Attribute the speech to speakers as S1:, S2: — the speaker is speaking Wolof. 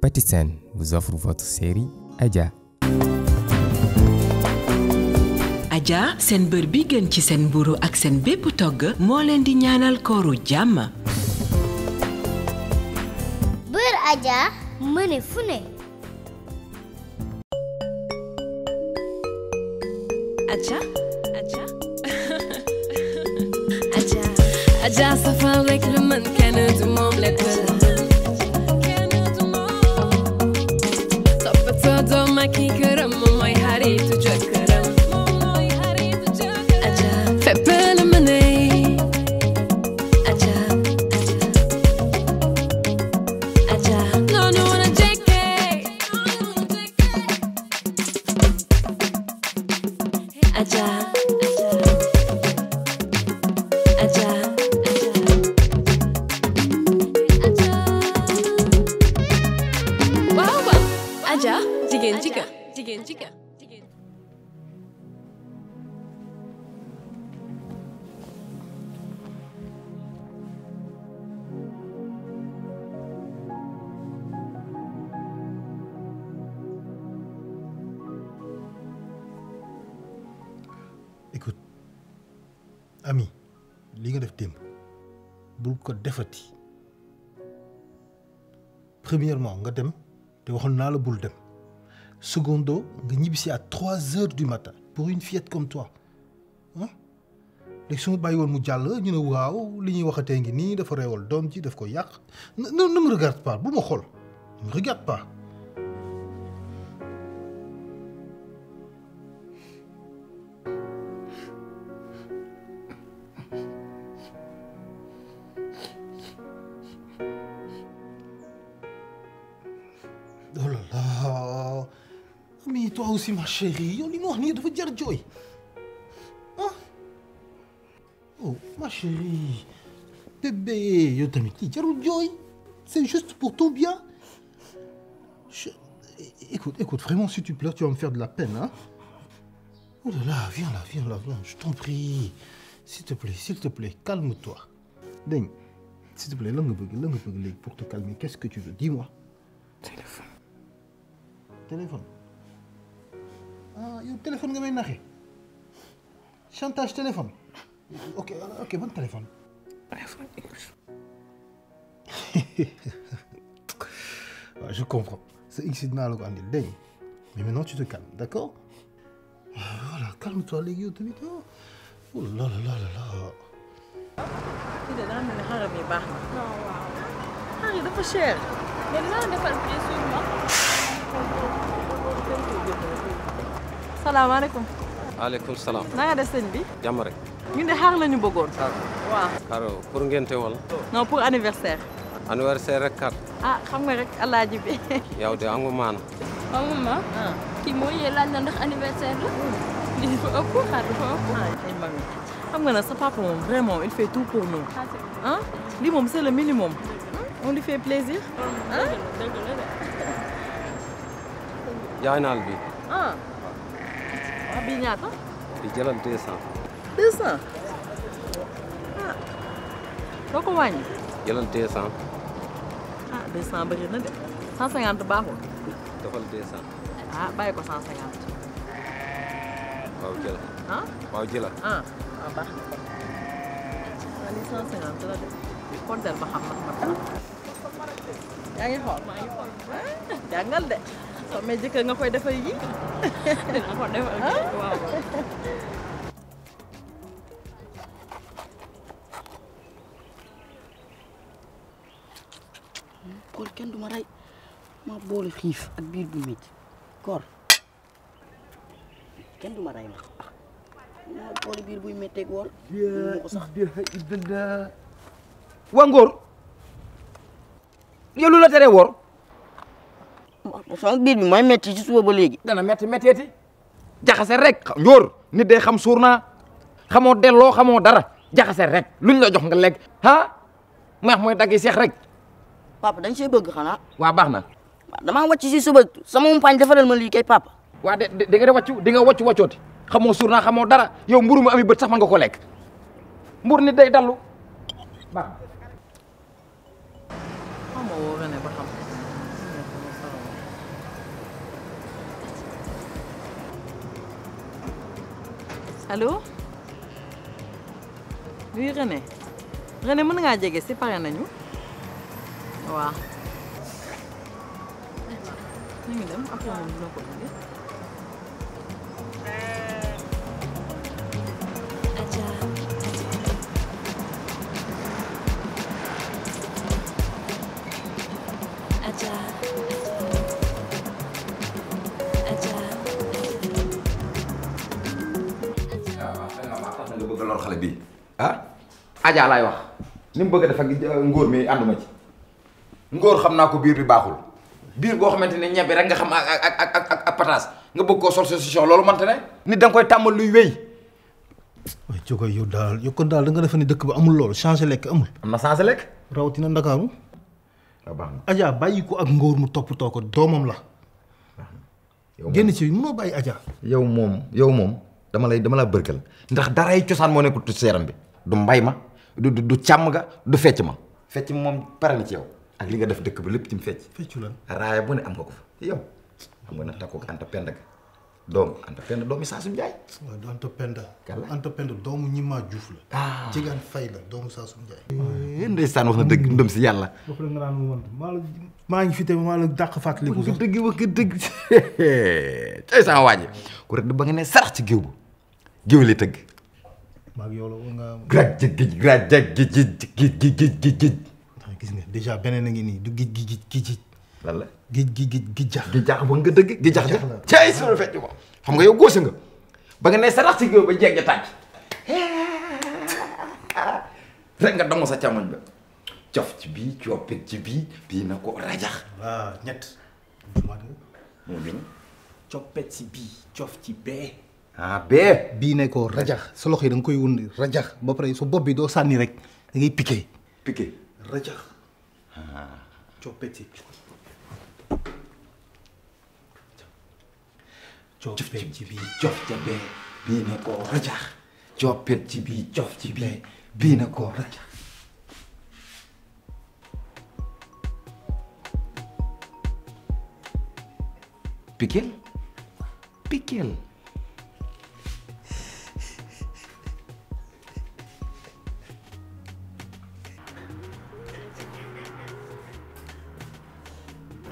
S1: Patisen vous offre votre seen bër bi gën ci seen mburu ak seen bépp togg moo leen di ñaanal kooru jàmm.
S2: bër Adja mëne fu ne. maki karam moy hari tu jakaram moy hari tu jakaram aja fa aja aja aja no no na aja écoute ami li nga def bul ko defati premièrement nga dem te secondo nga à 3 heures du matin pour une fillette comme toi Hein? ne me regarde pas ne me regarde pas aussi ma chérie Yo, li ma wax oh ma chérie bébé yow tamit mis dire joy c'est juste pour ton bien écoute écoute vraiment si tu pleures tu vas me faire de la peine hein. oh là là viens là viens là viens je t'en prie s'il te plaît s'il te plaît calme-toi ding s'il te plaît langue nga langue lan pour te calmer qu'est-ce que tu veux dis-moi téléphone téléphone ah yow téléphone nga chantage téléphone ok ok bon téléphone. je comprends C'est X mais maintenant tu te calmes d'accord calme-toi les vite. Ah. oh là là là là.
S1: est là. Il est là, Il est là. Il est salaamaaleykum. aleykoum. salaam. na nga def sëñ bi. jàmm rek. ñu de xaar la ñu bëggoon. xaar waaw. xaar pour ngénte wala. non pour anniversaire. anniversaire rek kat. ah xam nga rek alaaji bi. yow de am nga maana. am nga ma. Ah. kii mooy yee laaj na ndax anniversaire la. Hmm. lii dafa ëpp xaar dafa ëpp. Ah, ay mami xam nga nag sa papa moom vraiment il fait tout pour nous. ah hein? lii moom c'est le minimum. Hmm? on lui fait plaisir. ah dëgg la de. naal bi. Ah. waaw bii ñaata. di jëlal deux cent. deux cent ah doo ko wàññi. de cent cinquante baaxul. defal deux cent. ah ko cent cinquante. waaw jël. ah waaw jëlal. ah waaw baax na waaw de. sama jëkkër nga koy defal yi nga ko defal ah. waaw koor kenn duma rey ma boole xiif ak biir bu métti koor kenn duma rey ma ma boole biir buy métteeg woor ko sax waa ngóor yow lu la teree woor sama biir bi mooy métti ci suba ba léegi. dana métti métteeti jaxase rek. njóor nit day xam suur naa xamoo delloo xamoo dara jaxase rek luñ la jox nga lekk ah maax mooy dagg seex rek. papa dañ see bëgg xanaa. waa baax na. damaa wàcc si suba sama umpaañ defaral ma lii kay papa. waa de de nga wàccu di nga wàccu wàccooti xamoo suur naa xamoo dara yow mburu mu ami bët sax man nga ko lekk mbur nit day dallu Halo? Oui, René. René, mau ngajak jaga si parian anu? Wah. Ini dem, aku mau minum kopi. Ya? lor xalé bi ah Adja lay wax nim bëgg dafa euh, ngor mi anduma ci ngor xamna ko biir bi baxul biir boo xamanteni ñebbi rek nga xam ak ak ak ak ak nga bëgg ko sol solution lolu man tane nit dang koy
S2: tamal luy da nga amul lolu changer lek amul. amna changer lek rawti rawatina Ndakaaru. waaw ah, baax na Adja bàyyi ko ak ngor mu toppatoo ko domam la. ci
S1: yow yow dama lay dama la bërgal ndax ciosan mo ne ko tu seram bi du mbay ma du du cham ga du fecc ma fecc moom pare ci yow ak li nga def dekk bi lepp ci mu fecc lan raaya bu ne am nga ko fa yow am nga na anta pend ga anta pend kan doomu saasum njaay
S2: anta pend anta pend domu ñima juuf la ci ah. gan fay la doomu saasum njaay eh, ndeysan wax na deug
S1: ndëm ci yalla
S2: wax la nga naan woon ma la ma ngi fi te la dakk
S1: fatali ko deug wax deug ci sa waaji ku rek ba nga ne sarax ci géew
S2: bu géwél tëgg. maag yow la nga. graj gij graj gij gij gij gij gij gis nga déjà a ngi du gij gij gij gij. lan la gij gij gij gij jax. gij jax nga gij jax jax xam nga yow nga
S1: ba nga ne ba rek nga sa ba ci ci na ko rajax.
S2: ci ci ah be. bii ne ko rajax sa loxo yi da nga koy wund rajax ba pare sa bopp bi doo sànni rek da ngay piqué piqué rajax coppeti coppeti bi cof ca bii ne ko rajax bi ci bii ne ko rajax
S1: piquel